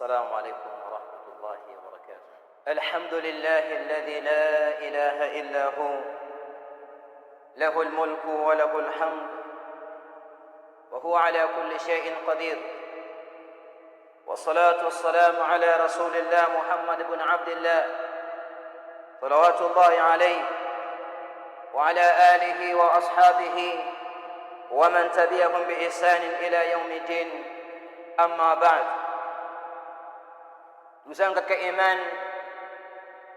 السلام عليكم ورحمة الله وبركاته الحمد لله الذي لا إله إلا هو له الملك وله الحمد وهو على كل شيء قدير والصلاة والسلام على رسول الله محمد بن عبد الله صلوات الله عليه وعلى آله وأصحابه ومن تبعهم بإحسان إلى يوم الدين أما بعد Ndugu zangu katika imani,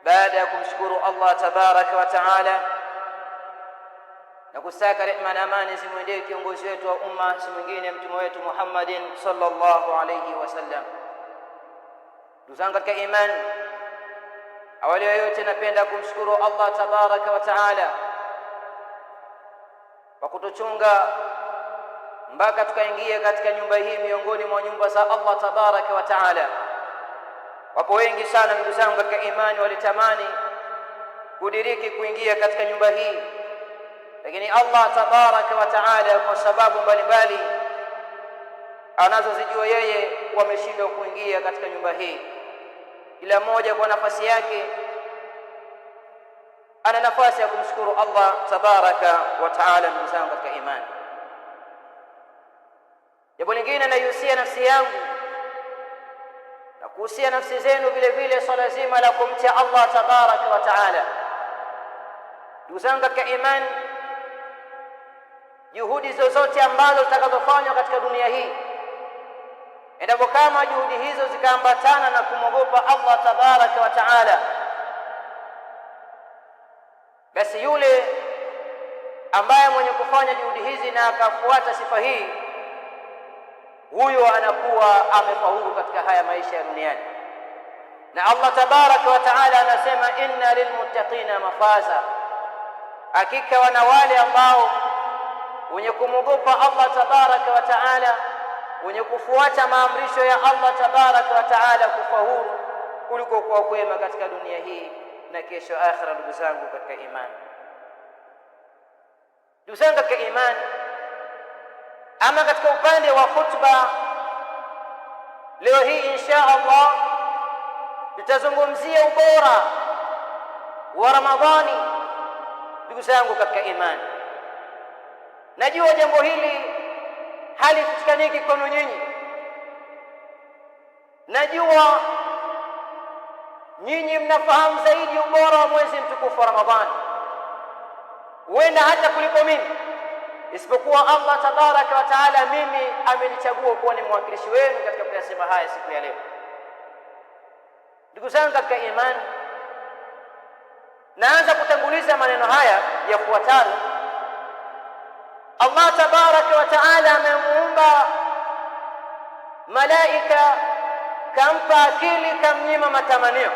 baada ya kumshukuru Allah tabaraka wa taala na kusaka rehma na amani zimwendee kiongozi wetu wa umma, si mwingine mtume wetu Muhammadin sallallahu alayhi wasallam. Ndugu zangu katika imani, awali ya napenda kumshukuru Allah tabaraka wa taala kwa kutuchunga mpaka tukaingia katika nyumba hii miongoni mwa nyumba za Allah tabaraka wa taala. Wapo wengi sana ndugu zangu katika imani walitamani kudiriki kuingia katika nyumba hii, lakini Allah tabaraka wa taala kwa sababu mbalimbali anazozijua yeye wameshindwa kuingia katika nyumba hii. Kila mmoja kwa nafasi yake ana nafasi ya kumshukuru Allah tabaraka wa taala. Ndugu zangu katika imani, jambo lingine anaihusia nafsi yangu kuhusia nafsi zenu vile vile swala zima la kumtia Allah tabaraka wa taala. Ndugu zangu katika imani, juhudi zozote ambazo zitakazofanywa katika dunia hii, endapo kama juhudi hizo zikaambatana na kumwogopa Allah tabaraka wa taala, basi yule ambaye mwenye kufanya juhudi hizi na akafuata sifa hii huyo anakuwa amefaulu katika haya maisha ya duniani. Na Allah tabaraka wa taala anasema inna lilmuttaqina mafaza, hakika wana wale ambao wenye kumwogopa Allah tabaraka wa taala, wenye kufuata maamrisho ya Allah tabaraka wa taala kufaulu kuliko kuwa kwema katika dunia hii na kesho akhira. Ndugu zangu katika imani, ndugu zangu katika imani ama katika upande wa khutba leo hii insha Allah tutazungumzia ubora wa Ramadhani. Ndugu zangu katika imani, najua jambo hili halitikaniki kwenu nyinyi, najua nyinyi mnafahamu zaidi ubora wa mwezi mtukufu wa Ramadhani, huenda hata kuliko mimi isipokuwa Allah tabaraka wa taala, mimi amenichagua kuwa ni mwakilishi wenu katika kuyasema haya siku ya leo. Ndugu zangu katika imani, naanza kutanguliza maneno haya kuwatana. Allah tabaraka wa taala amemuumba malaika, kampa akili, kamnyima matamanio.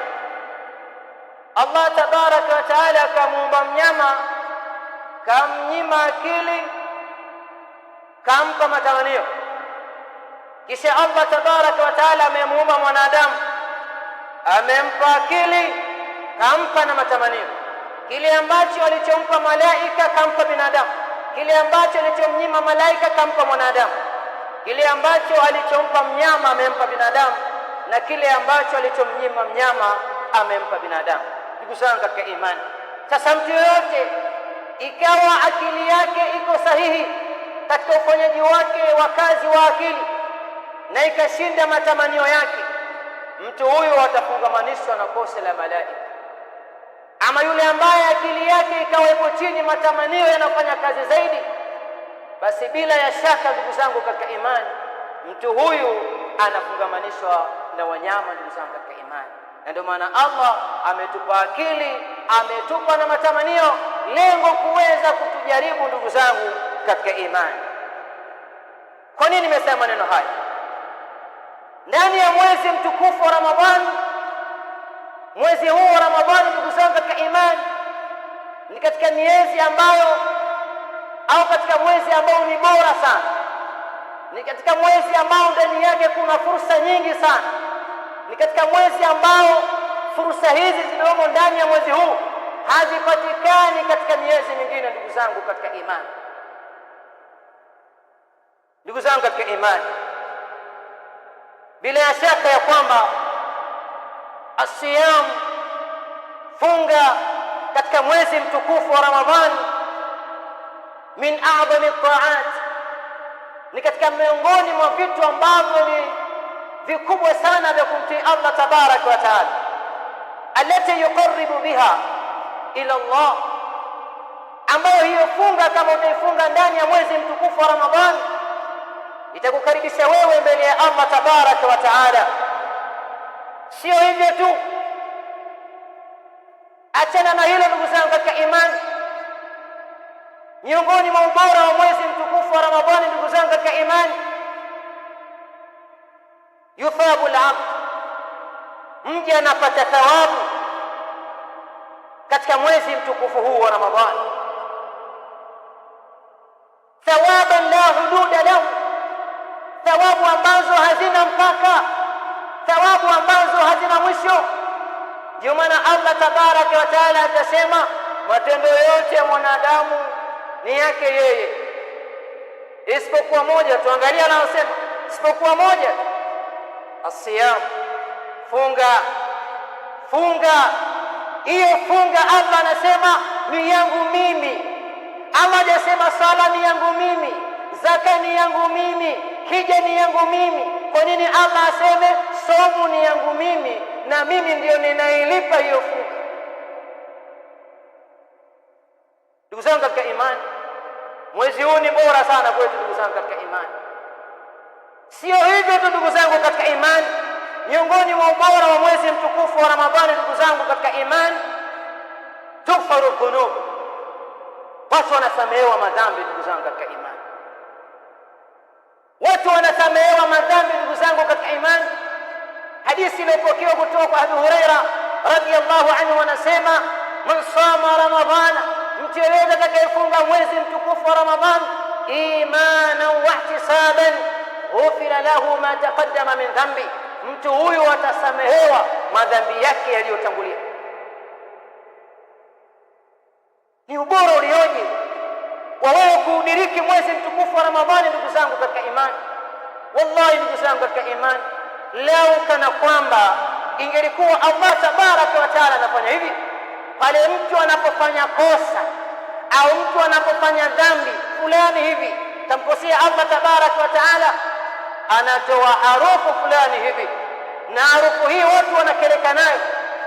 Allah tabaraka wa taala kamuumba mnyama, kamnyima akili kampa matamanio, kisha Allah tabaraka wa taala amemuumba mwanadamu, amempa akili, kampa na matamanio. Kile ambacho alichompa malaika kampa binadamu, kile ambacho alichomnyima malaika kampa mwanadamu, kile ambacho alichompa mnyama amempa binadamu, na kile ambacho alichomnyima mnyama amempa binadamu. Ndugu zangu katika imani, sasa mtu yoyote ikawa akili yake iko sahihi katika ufanyaji wake wa kazi wa akili na ikashinda matamanio yake, mtu huyo atafungamanishwa na kose la malaika. Ama yule ambaye akili yake ikawa ipo chini, matamanio yanafanya kazi zaidi, basi bila ya shaka, ndugu zangu katika imani, mtu huyu anafungamanishwa na wanyama, ndugu zangu katika imani. Na ndio maana Allah ametupa akili, ametupa na matamanio, lengo kuweza kutujaribu, ndugu zangu katika imani. Kwa nini nimesema maneno haya? Ndani ya mwezi mtukufu wa Ramadhani, mwezi huu wa Ramadhani, ndugu zangu katika imani, ni katika miezi ambayo au katika mwezi ambao ni bora sana, ni katika mwezi ambao ndani yake kuna fursa nyingi sana, ni katika mwezi ambao fursa hizi zilizomo ndani ya mwezi huu hazipatikani katika miezi mingine, ndugu zangu katika imani. Ndugu zangu katika imani, bila ya shaka ya kwamba asiyam funga katika mwezi mtukufu wa Ramadhani min a'dhami taat, ni katika miongoni mwa vitu ambavyo ni vikubwa sana vya kumtii Allah tabarak wa taala, alati yuqarribu biha ila Allah, ambayo hiyo funga kama utaifunga ndani ya mwezi mtukufu wa Ramadhani itakukaribisha wewe mbele ya Allah tabaraka wa taala. Sio hivyo tu, achana na hilo ndugu zangu katika imani. Miongoni mwa ubora wa mwezi mtukufu wa Ramadhani, ndugu zangu katika imani, yuthabu labd, mja anapata thawabu katika mwezi mtukufu huu wa Ramadhani, thawaban la hududa thawabu ambazo hazina mpaka, thawabu ambazo hazina mwisho. Ndio maana Allah tabaraka wa taala akasema matendo yote ya mwanadamu ni yake yeye, isipokuwa moja. Tuangalia anayosema isipokuwa moja, asiyam, funga. Funga hiyo funga, Allah anasema ni yangu mimi. Allah hajasema sala ni yangu mimi, zaka ni yangu mimi hija ni yangu mimi. Kwa nini Allah aseme somu ni yangu mimi na mimi ndiyo ninailipa hiyo funga? Ndugu zangu katika imani, mwezi huu ni bora sana kwetu, ndugu zangu katika imani. Sio hivyo tu, ndugu zangu katika imani, miongoni mwa ubora wa mwezi mtukufu wa Ramadhani, ndugu zangu katika imani, tughfaru dhunub, watu wanasamehewa madhambi, ndugu zangu katika imani Watu wanasamehewa madhambi, ndugu zangu katika imani. Hadithi iliyopokewa kutoka kwa Abu Huraira radhiyallahu anhu wanasema, man sama ramadhana, mtu yeyote atakayefunga mwezi mtukufu wa ramadhan imanan wahtisaban ghufira lahu ma taqaddama min dhambi, mtu huyu atasamehewa madhambi yake yaliyotangulia. Ni ubora ulioje! kwa wao kuudiriki mwezi mtukufu wa Ramadhani. Ndugu zangu katika imani, wallahi, ndugu zangu katika imani, lau kana kwamba ingelikuwa Allah tabaraka wa taala anafanya hivi pale mtu anapofanya kosa au mtu anapofanya dhambi fulani hivi, tamkosea Allah tabaraka wa taala, anatoa harufu fulani hivi, na harufu hii watu wanakereka nayo,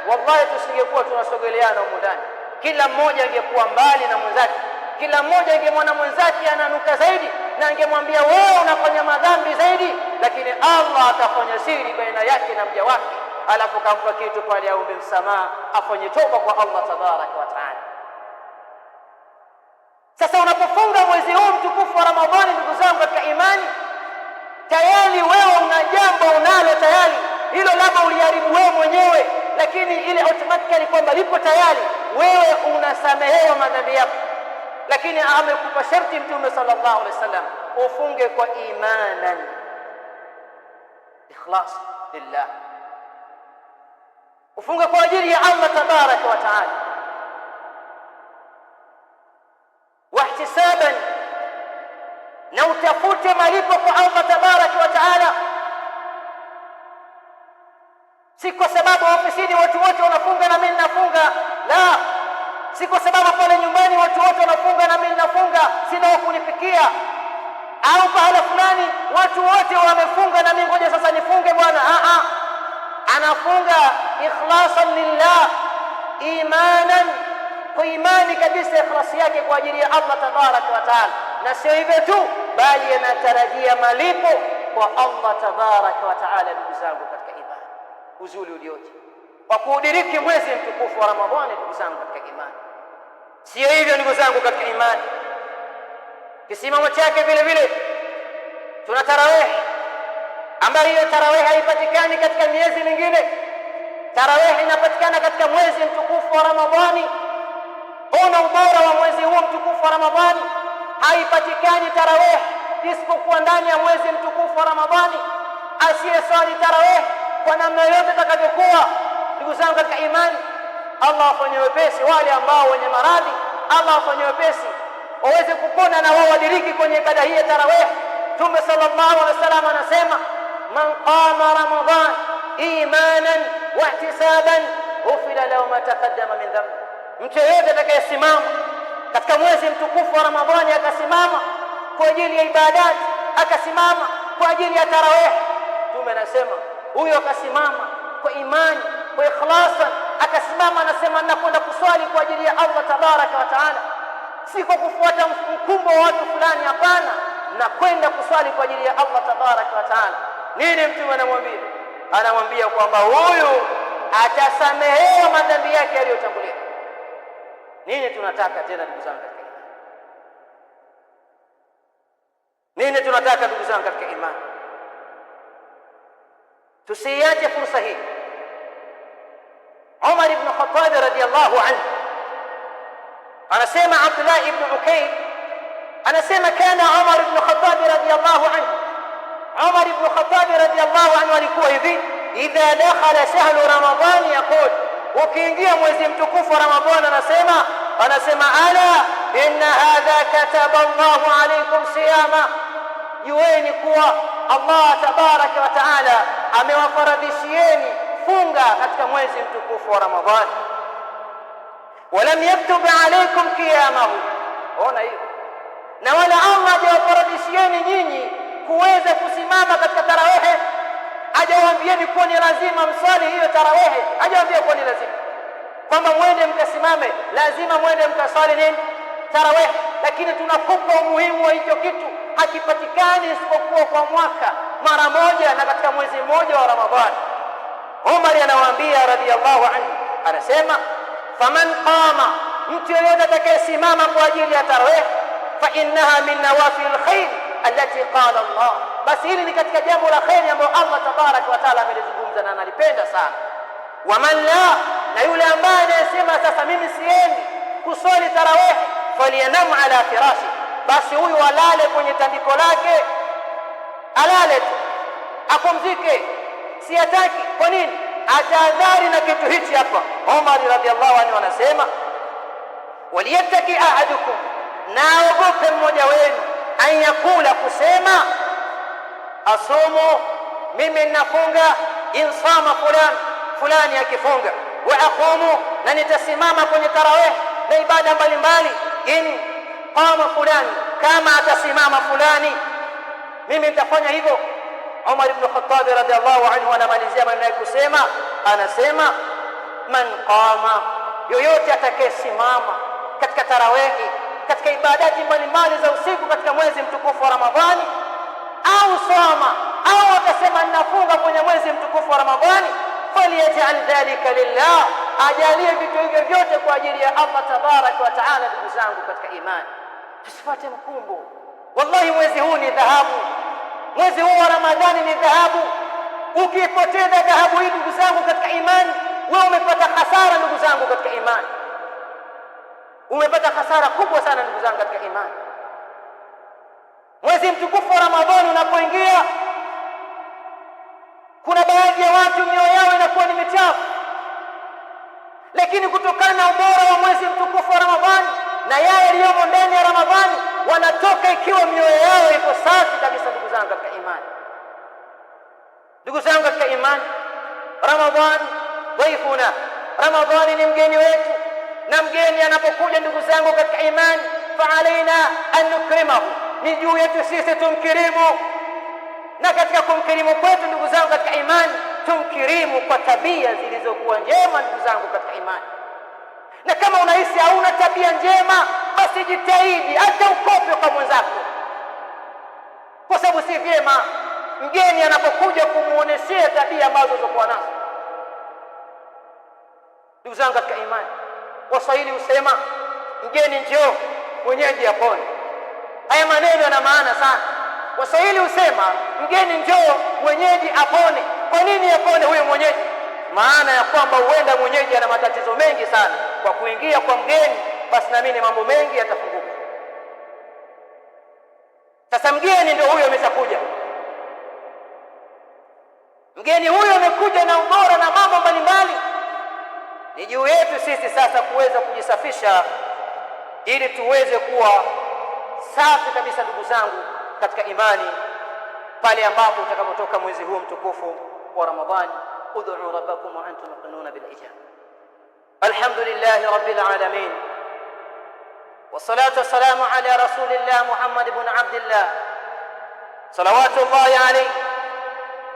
wallahi tusingekuwa tunasogeleana humu ndani, kila mmoja angekuwa mbali na mwenzake kila mmoja ingemwona mwenzake ananuka zaidi na angemwambia wewe unafanya madhambi zaidi, lakini Allah akafanya siri baina yake na mja wake, alafu kampa kitu pale aombe msamaha, afanye toba kwa Allah tabaraka wa taala. Sasa unapofunga mwezi huu mtukufu wa Ramadhani, ndugu zangu katika imani, tayari wewe una jambo unalo tayari hilo, labda uliharibu wewe mwenyewe, lakini ile automatically kwamba lipo tayari, wewe unasamehewa madhambi yako lakini amekupa sharti mtume sallallahu alaihi wasallam ufunge kwa imanan ikhlas lillah ufunge kwa ajili ya Allah tabaraka wa taala wahtisaban na utafute malipo kwa Allah tabaraka wa taala si kwa sababu ofisini watu wote wanafunga na mimi nafunga si kwa sababu pale nyumbani watu wote wanafunga na mimi ninafunga, sina wa kunipikia, au pahala fulani watu wote wamefunga na mimi ngoja sasa nifunge bwana. A ah, a, ah. anafunga ikhlasan lillah, imanan, kwa imani kabisa, ikhlasi yake kwa ajili ya Allah tabaraka wa taala, na sio hivyo tu, bali anatarajia malipo kwa Allah tabarak wa taala. Ndugu zangu katika imani, uzuri ulioje wa kuudiriki mwezi mtukufu wa Ramadhani, ndugu zangu katika imani sio hivyo ndugu zangu katika imani, kisimamo chake vile vile. Tuna tarawehi ambayo hiyo tarawehi haipatikani katika miezi mingine. Tarawehi inapatikana katika mwezi mtukufu wa Ramadhani. huna ubora wa mwezi huo mtukufu wa Ramadhani. Haipatikani tarawehi isipokuwa ndani ya mwezi mtukufu wa Ramadhani. Asiyeswali tarawih kwa namna yoyote itakavyokuwa, ndugu zangu katika imani Allah afanye wepesi wale ambao wenye maradhi, Allah afanye wepesi waweze kupona na wao wadiriki kwenye ibada hii ya tarawih. Mtume sallallahu alaihi wasallam anasema man qama ramadan imanan wa ihtisaban ghufira lahu ma taqaddama min dhanbi, mtu yeyote atakayesimama katika mwezi mtukufu wa Ramadhani akasimama kwa ajili ya ibadati, akasimama kwa ajili ya tarawih, Mtume anasema huyo akasimama kwa imani kwa ikhlasan akasimama anasema, nakwenda kuswali kwa ajili ya Allah tabaraka wa taala, si kwa kufuata mkumbo wa watu fulani. Hapana, nakwenda kuswali kwa ajili ya Allah tabaraka wa taala. Nini mtume anamwambia? Anamwambia kwamba huyu atasamehewa madhambi yake yaliyotangulia. Nini tunataka tena, ndugu zangu katika imani? Nini tunataka ndugu zangu katika imani? Tusiiache fursa hii. Umar ibn Khattab radhiyallahu anhu anasema, Abdullah ibn Ukayd anasema, kana Umar ibn Khattab radhiyallahu anhu, Umar ibn Khattab radhiyallahu anhu alikuwa hivi, idha dakhala shahru ramadhani yaqul, ukiingia mwezi mtukufu wa Ramadhani anasema anasema, ala inna hadha kataba Allahu alaykum siyama, jueni kuwa Allah tabaraka wa taala amewafaradhishieni kufunga katika mwezi mtukufu wa Ramadhani. walam yaktub alaykum qiyamahu, ona hiyo. Na wala Allah hajawafaradishieni nyinyi kuweza kusimama katika tarawehe, hajawaambieni kuwa ni lazima msali hiyo tarawehe, hajawaambia kuwa ni lazima kwamba mwende mkasimame, lazima mwende mkasali nini tarawih, lakini tunakupa umuhimu wa hicho kitu. Hakipatikani isipokuwa kwa mwaka mara moja na katika mwezi mmoja wa Ramadhani. Omar anawaambia radhiallahu anhu, anasema faman qama, mtu yoyote atakayesimama kwa ajili ya tarawih, fa innaha min nawafil khair allati qala Allah, basi hili ni katika jambo la kheri ambayo Allah tabaraka wa taala amelizungumza na analipenda sana. Waman la, na yule ambaye anayesema sasa mimi siendi kuswali tarawih, faliyanamu ala firashi, basi huyu alale kwenye tandiko lake, alale tu apumzike siyataki. Kwa nini? Atadhari na kitu hichi hapa. Omar radhiallahu anhu anasema waliyattaki ahadukum, naogope mmoja wenu, an yakula, kusema asumu, mimi ninafunga, insama fulani fulani akifunga, wa aqumu, na nitasimama kwenye tarawih na ibada mbalimbali, in qama fulani, kama atasimama fulani, mimi nitafanya hivyo Umar ibn Khattab radhiallahu anhu anamalizia maneno kusema, anasema man qama, yoyote atakayesimama katika tarawehi, katika ibadati mbalimbali za usiku katika mwezi mtukufu wa Ramadhani, au soma au akasema ninafunga kwenye mwezi mtukufu wa Ramadhani, falyaj'al dhalika lillah, ajalie vitu hivyo vyote kwa ajili ya Allah tabaraka wa taala. Ndugu zangu katika imani, tusipate mkumbo. Wallahi, mwezi huu ni dhahabu Mwezi huu wa Ramadhani ni dhahabu. Ukipoteza dhahabu hii, ndugu zangu katika imani, wewe umepata hasara, ndugu zangu katika imani, umepata hasara kubwa sana, ndugu zangu katika imani. Mwezi mtukufu wa Ramadhani unapoingia, kuna baadhi ya watu mioyo yao inakuwa ni michafu, lakini kutokana na ubora wa mwezi mtukufu wa Ramadhani na yale yaliyomo ndani ya Ramadhani, wanatoka ikiwa mioyo Ndugu zangu katika imani, Ramadhani dhaifuna, Ramadhani ni mgeni wetu, na mgeni anapokuja, ndugu zangu katika imani, fa alaina an nukrimahu, ni juu yetu sisi tumkirimu. Na katika kumkirimu kwetu, ndugu zangu katika imani, tumkirimu kwa tabia zilizokuwa njema, ndugu zangu katika imani. Na kama unahisi hauna tabia njema, basi jitahidi hata ukope kwa mwenzako, kwa sababu si vyema mgeni anapokuja kumuonesea tabia ambazo zokuwa nazo. Ndugu zangu katika imani, Waswahili husema mgeni njoo mwenyeji apone. Haya maneno yana maana sana. Waswahili husema mgeni njoo mwenyeji apone. Kwa nini apone huyo mwenyeji? Maana ya kwamba huenda mwenyeji ana matatizo mengi sana, kwa kuingia kwa mgeni, basi na mimi mambo mengi yatafunguka. Sasa mgeni ndio huyo ameshakuja Mgeni huyo amekuja na ubora na mambo mbalimbali, ni juu yetu sisi sasa kuweza kujisafisha ili tuweze kuwa safi kabisa, ndugu zangu katika imani, pale ambapo utakapotoka mwezi huu mtukufu wa Ramadhani. ud'u rabbakum wa antum muqinuna bil ijab. Alhamdulillahi rabbil alamin wassalatu wassalamu ala rasulillah Muhammad ibn abdillah salawatu llahi alayhi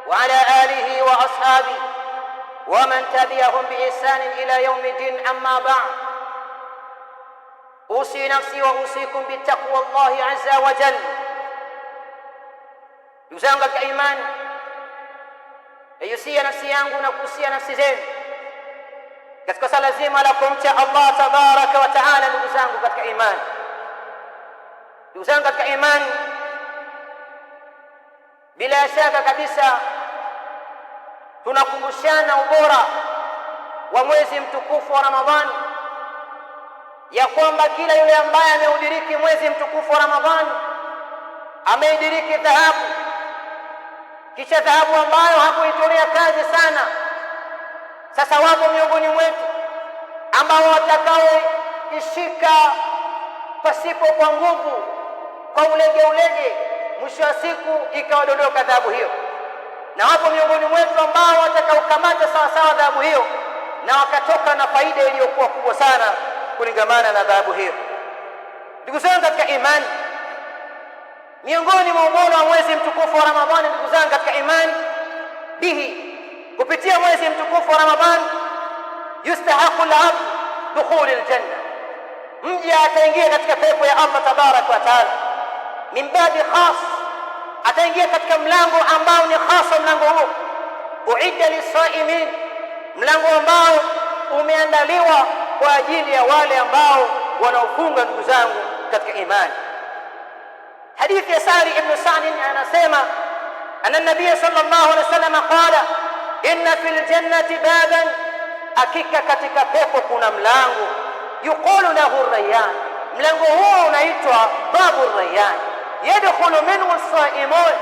وعلى آله وأصحابه ومن تبعهم بإحسان إلى يوم الدين أما بعد أوصي نفسي وأوصيكم بتقوى الله عز وجل يزنغك إيمان أيوسي نفسي يانغو نكوسي نفسي زين كتك سلزيم لكم الله تبارك وتعالى يزنغك إيمان يزنغك إيمان, إيمان. Bila shaka kabisa tunakumbushana ubora wa mwezi mtukufu wa Ramadhani, ya kwamba kila yule ambaye ameudiriki mwezi mtukufu wa Ramadhani ameidiriki dhahabu, kisha dhahabu ambayo hakuitolea kazi sana. Sasa wapo miongoni mwetu ambao watakaoishika pasipo kwa nguvu, kwa ulegeulege mwisho wa siku ikawadondoka adhabu hiyo. Na wapo miongoni mwetu ambao watakaokamata sawasawa adhabu hiyo na wakatoka na faida iliyokuwa kubwa sana kulingamana na adhabu hiyo. Ndugu zangu katika imani, miongoni mwa ubora wa mwezi mtukufu wa Ramadhani, ndugu zangu katika imani, bihi, kupitia mwezi mtukufu wa Ramadhani, yustahaqu al-abd dukhul al-janna, mja ataingia katika pepo ya Allah tabaraka wa taala min babi khas, ataingia katika mlango ambao ni khasa. Mlango huo uidda lisaimin, mlango ambao umeandaliwa kwa ajili ya wale ambao wanaofunga. Ndugu zangu katika imani, hadithi ya Sari ibn Sa'd anasema anna nabiya sallallahu alaihi wasallam qala inna fil jannati baban, hakika katika pepo kuna mlango yuqalu lahu Rayyan, mlango huo unaitwa babu Rayyan yadkhulu minhu saimun,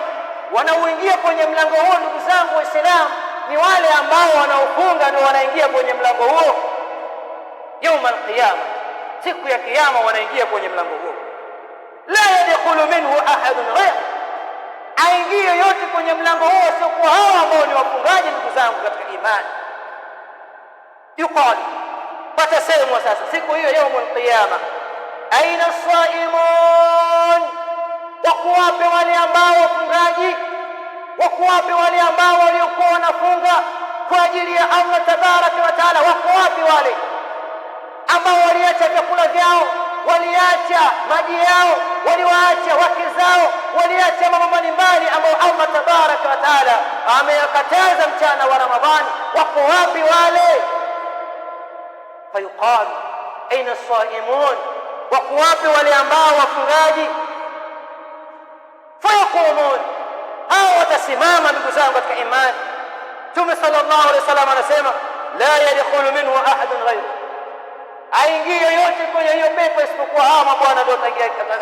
wanaoingia kwenye mlango huo, ndugu zangu Waislamu, ni wale ambao wanaofunga ndio wanaingia kwenye mlango huo. Yauma alqiyama, siku ya Kiyama wanaingia kwenye mlango huo. La yadkhulu minhu ahadun ghayr, aingie yoyote kwenye mlango huo wasiokuwa hawa ambao ni wafungaji. Ndugu zangu katika imani, yuqali, watasemwa sasa siku hiyo, yauma alqiyama, aina saimun wakuwape wale ambao wafungaji, wakuwape wale ambao waliokuwa wanafunga kwa ajili ya Allah tabaraka wa taala, wakuwape wale ambao waliacha vyakula vyao, waliacha maji yao, waliwaacha wake zao, waliacha mambo mbalimbali ambayo Allah tabaraka wa taala ameyakataza mchana wa Ramadhani, wako wale? Fayuqalu aina saimun, wakuwape wale ambao wafungaji fayaqumun, hao watasimama. Ndugu zangu katika imani, Mtume sallallahu alaihi wasallam anasema la yadkhulu minhu ahadun ghayru, aingie yoyote kwenye hiyo pepo isipokuwa hao mabwana ndio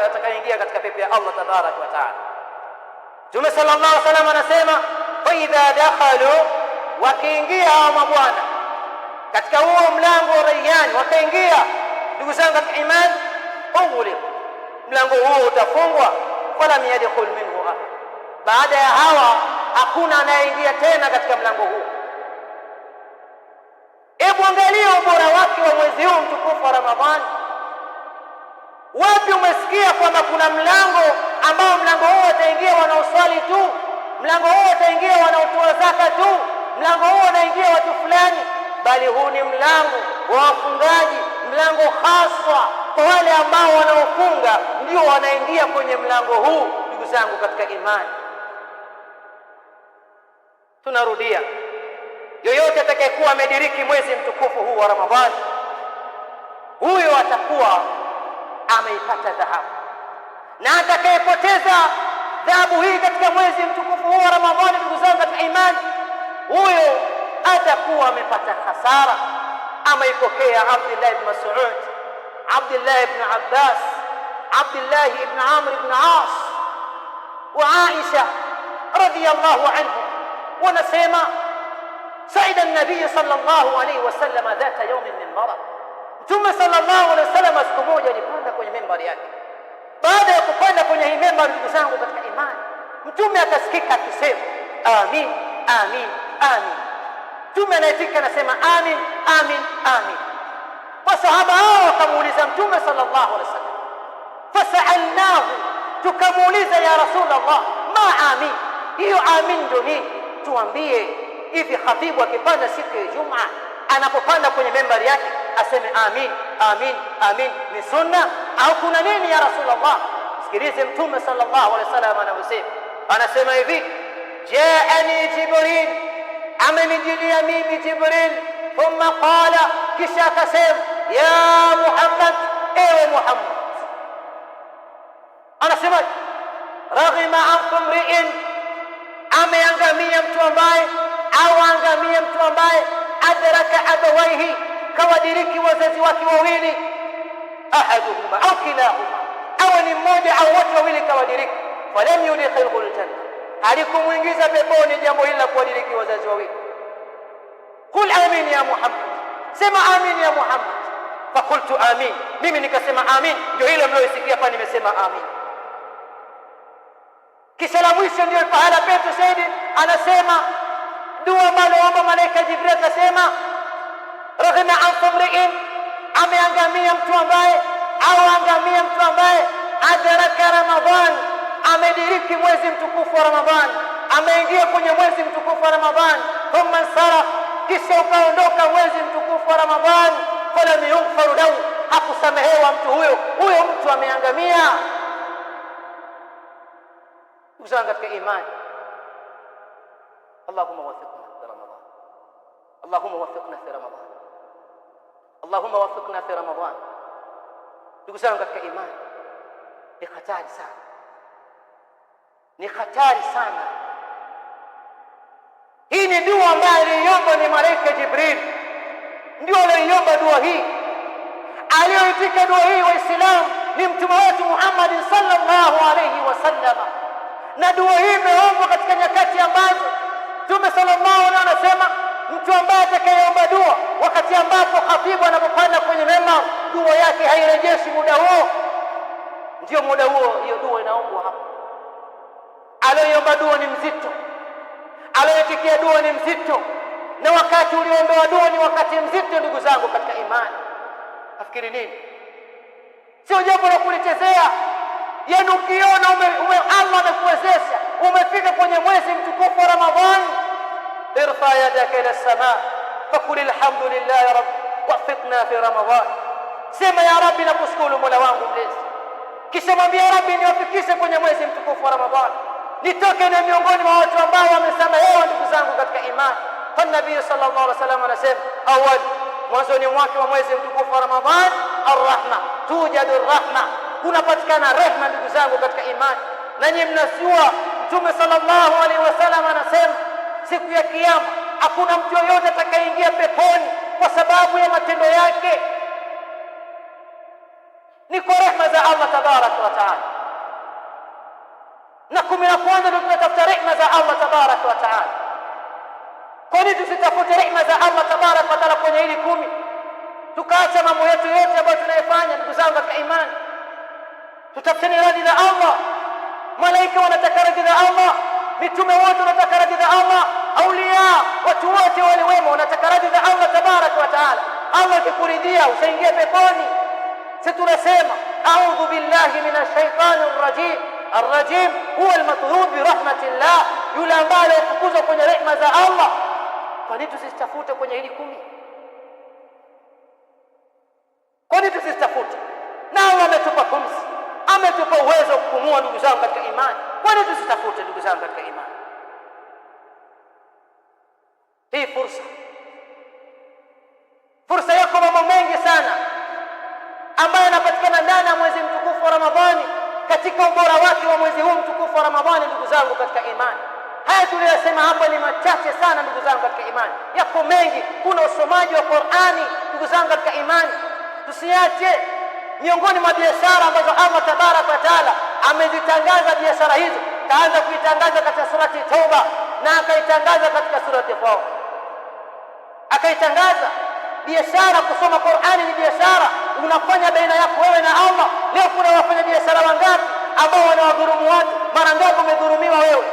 atakaingia katika pepo ya Allah tabaraka wa taala. Mtume sallallahu alaihi wasallam anasema fa idha dakhalu, wakiingia hao mabwana katika huo mlango wa Rayyan, wakaingia ndugu zangu katika imani, ughliq, mlango huo utafungwa walam yadkhul minhu ahad, baada ya hawa hakuna anayeingia tena katika mlango huu. Hebu angalia ubora wake wa mwezi huu mtukufu wa Ramadhani. Wapi umesikia kwamba kuna mlango ambao mlango huo wataingia wanaoswali tu, mlango huo wataingia wanaotoa zaka tu, mlango huo wanaingia watu fulani? Bali huu ni mlango wa wafungaji, mlango haswa wale ambao wanaofunga ndio wanaingia kwenye mlango huu. Ndugu zangu katika imani, tunarudia, yoyote atakayekuwa amediriki mwezi mtukufu huu wa Ramadhani, huyo atakuwa ameipata dhahabu, na atakayepoteza dhahabu hii katika mwezi mtukufu huu wa Ramadhani, ndugu zangu katika imani, huyo atakuwa amepata hasara. Ameipokea Abdullah ibn Mas'ud Abdullah ibn Abbas, Abdullah ibn Amr ibn As wa Aisha radhiyallahu anhu, wanasema saida nabii sallallahu alaihi wasallam dhata yaumin minbara, Mtume sallallahu alaihi wasallam siku moja alipanda kwenye mimbari yake. Baada ya kupanda kwenye hii mimbari, ndugu zangu katika imani, Mtume akasikika akisema amin, amin, amin. Mtume anayefika anasema amin, amin, amin Masahaba hao wakamuuliza Mtume sallallahu alaihi wasallam, fasalnahu tukamuuliza ya Rasulullah, ma amin, hiyo amin ndio nini? Tuambie hivi, khatibu akipanda siku ya Ijumaa anapopanda kwenye membari yake aseme amin amin amin, ni sunna au kuna nini ya Rasulullah? Msikilize Mtume sallallahu alaihi wasallam anavyosema, anasema hivi, jaani Jibril, amenijilia mimi Jibril, thumma qala, kisha akasema يا محمد ايه محمد انا سمعت رغم عنكم رئي ام ينغمي يمتوان او انغمي يمتوان باي ادرك ابويه كوديريكي وزازي واكي وويني احدهما او كلاهما او نموج او وجه ويني كوديريكي فلم يدخله الجنة عليكم انجيزة بيبوني جامو إلا كوديريكي وزازي وويني قل امين يا محمد سمع امين يا محمد fakultu amin, mimi nikasema amin. Ndio ile mlioisikia pa nimesema amin. Kisha mwisho ndio pahala petu Saidi anasema dua ambalo malaika Jibril akasema, raghina an fumriin, ameangamia mtu ambaye au angamia mtu ambaye adraka ramadan amediriki mwezi mtukufu wa ramadan ameingia kwenye mwezi mtukufu wa ramadan thumma nsaraf, kisha ukaondoka mwezi mtukufu wa Ramadhan falam yughfaru lahu, hakusamehewa mtu huyo, huyo mtu ameangamia. Uzana katika imani. Allahumma wafiqna fi Ramadan, Allahumma wafiqna fi Ramadan, Allahumma wafiqna fi Ramadan. Ndugu zangu katika imani, ni hatari sana, ni hatari sana. Hii ni dua ambayo aliomba ni malaika Jibril ndio aliyoiomba dua hii. Aliyoitika dua hii Waislamu ni mtume wetu Muhammad sallallahu alayhi wasallam, na dua hii imeombwa katika nyakati ambazo Mtume sallallahu alayhi anasema mtu ambaye atakayeomba dua wakati ambapo khatibu anapopanda kwenye mema, dua yake hairejeshi muda huo. ndio muda huo hiyo dua inaombwa hapo Aliyoiomba dua ni mzito, aliyoitikia dua ni mzito na wakati uliombewa dua ni wakati mzito, ndugu zangu katika imani. Nafikiri nini, sio jambo la kulichezea. Yaani ukiona Allah amekuwezesha umefika kwenye mwezi mtukufu wa Ramadhani, irfa yadaka ila lsamaa fakul alhamdulillahi rabbi wafikna fi Ramadhan, sema ya Rabbi na kushukuru mola wangu mlezi, kisha mwambia Rabbi niwafikishe kwenye mwezi mtukufu wa Ramadhani, nitoke na miongoni mwa watu ambao wamesamehewa. Ndugu zangu katika imani fa nabii sallallahu alaihi wasallam anasema awali mwanzoni mwake wa mwezi mtukufu wa Ramadhani, arrahma tujadu rahma, kunapatikana rehma. Ndugu zangu katika imani, na nyinyi mnasua Mtume sallallahu alaihi wasallam anasema siku ya Kiyama hakuna mtu yoyote atakayeingia peponi kwa sababu ya matendo yake, ni kwa rehma za Allah tabaraka wa taala. Na kumi la kwanza ndio tunatafuta rehma za Allah tabaraka wa taala Kwani tusitafute rehema za Allah tabaraka wataala kwenye hili kumi, tukaacha mambo yetu yote ambayo tunayefanya? Ndugu zangu katika imani, tutafuteni radhi za Allah. Malaika wanataka radhi za Allah, mitume wote wanataka radhi za Allah, aulia, watu wote wale wema wanataka radhi za Allah tabaraka wataala. Allah akikuridhia usaingie peponi. Si tunasema audhu billahi min ashaitani rrajim arrajim huwa almathlub birahmatillah, yule ambaye alifukuzwa kwenye rehema za Allah kwa nini kwenye hili kumi? Kwa nini Na Allah ametupa pumzi, ametupa uwezo wa kupumua, ndugu zangu katika imani. Kwa nini tusitafute, ndugu zangu katika imani, hii fursa? Fursa yako mambo mengi sana ambayo yanapatikana ndani ya mwezi mtukufu wa Ramadhani, katika ubora wake wa mwezi huu mtukufu wa Ramadhani, ndugu zangu katika imani Haya tuliyosema hapa ni machache sana, ndugu zangu katika imani. Yapo mengi, kuna usomaji wa Qur'ani ndugu zangu katika imani, tusiache. Miongoni mwa biashara ambazo Allah tabaraka wa taala amezitangaza biashara hizo, kaanza kuitangaza katika surati Tauba na akaitangaza katika surati Qaf, akaitangaza biashara. Kusoma Qur'ani ni biashara, unafanya baina yako wewe na Allah. Leo kuna wafanya biashara wangapi ambao wanawadhurumu watu? Mara ngapi umedhurumiwa wewe?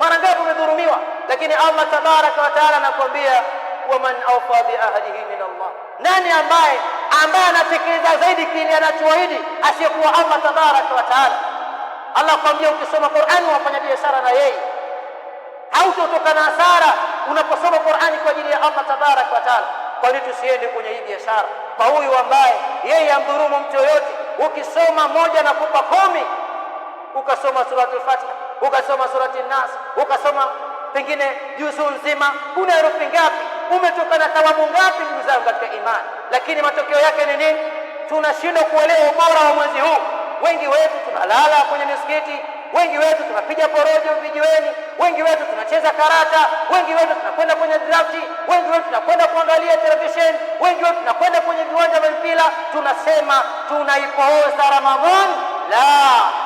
Mara ngapi umedhulumiwa? Lakini Allah tabaraka wa taala anakuambia waman awfa biahdihi min Allah, nani ambaye ambaye anatekeleza zaidi kile anachoahidi asiyekuwa Allah tabaraka wa taala. Allah kwambia, ukisoma Qur'ani wafanya biashara na yeye hautotoka na hasara unaposoma Qur'ani kwa ajili ya Allah tabaraka wa taala. Kwa nini tusiende kwenye hii biashara kwa huyu ambaye yeye amdhurumu mtu yoyote? Ukisoma moja na kupa kumi, ukasoma suratul Fatiha ukasoma surati Nas, ukasoma pengine juzu nzima, kuna herufi ngapi? Umetoka na thawabu ngapi, ndugu zangu katika imani? Lakini matokeo yake ni nini? Tunashindwa kuelewa ubora wa mwezi huu. Wengi wetu tunalala kwenye misikiti, wengi wetu tunapiga porojo vijiweni, wengi wetu tunacheza karata, wengi wetu tunakwenda kwenye drafti, wengi wetu tunakwenda kuangalia televisheni, wengi wetu tunakwenda kwenye viwanja vya mpira. Tunasema tunaipooza Ramadhani la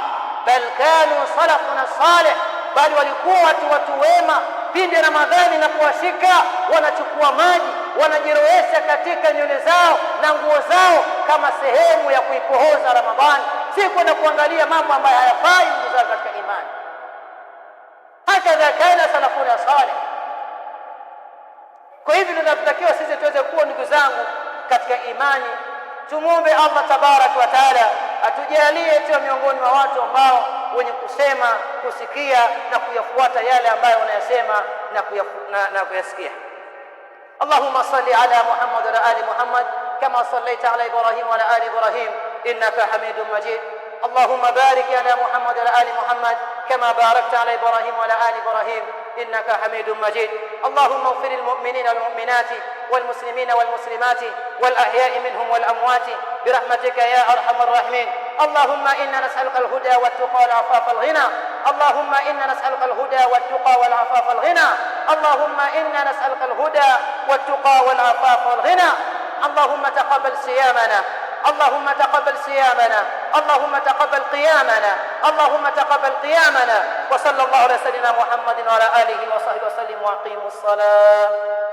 bal kanu salafuna saleh, bali walikuwa watu watu wema. Pindi Ramadhani na kuwashika wanachukua maji wanajiroesha katika nywele zao na nguo zao kama sehemu ya kuipohoza Ramadhani, si kwenda kuangalia mambo ambayo hayafai. Ndugu katika imani, hakadha kana salafuna saleh. Kwa hivyo tunatakiwa sisi tuweze kuwa ndugu zangu katika imani, tumwombe Allah tabaraka wa taala atujalie tuwe miongoni mwa watu ambao wenye kusema kusikia na kuyafuata yale ambayo unayasema na kuyasikia اللهم صل على محمد وعلى آل محمد كما صليت على إبراهيم وعلى آل إبراهيم إنك حميد مجيد اللهم بارك على محمد وعلى آل محمد كما باركت على إبراهيم وعلى آل إبراهيم إنك حميد مجيد اللهم اغفر المؤمنين والمؤمنات والمسلمين والمسلمات والأحياء منهم والأموات برحمتك يا أرحم الراحمين اللهم إنا نسألك الهدى والتقى والعفاف الغنى اللهم إنا نسألك الهدى والتقى والعفاف الغنى اللهم إنا نسألك الهدى والتقى والعفاف والغنى اللهم تقبل صيامنا اللهم تقبل صيامنا اللهم تقبل قيامنا اللهم تقبل قيامنا وصلى الله على سيدنا محمد وعلى آله وصحبه وسلم وأقيموا الصلاة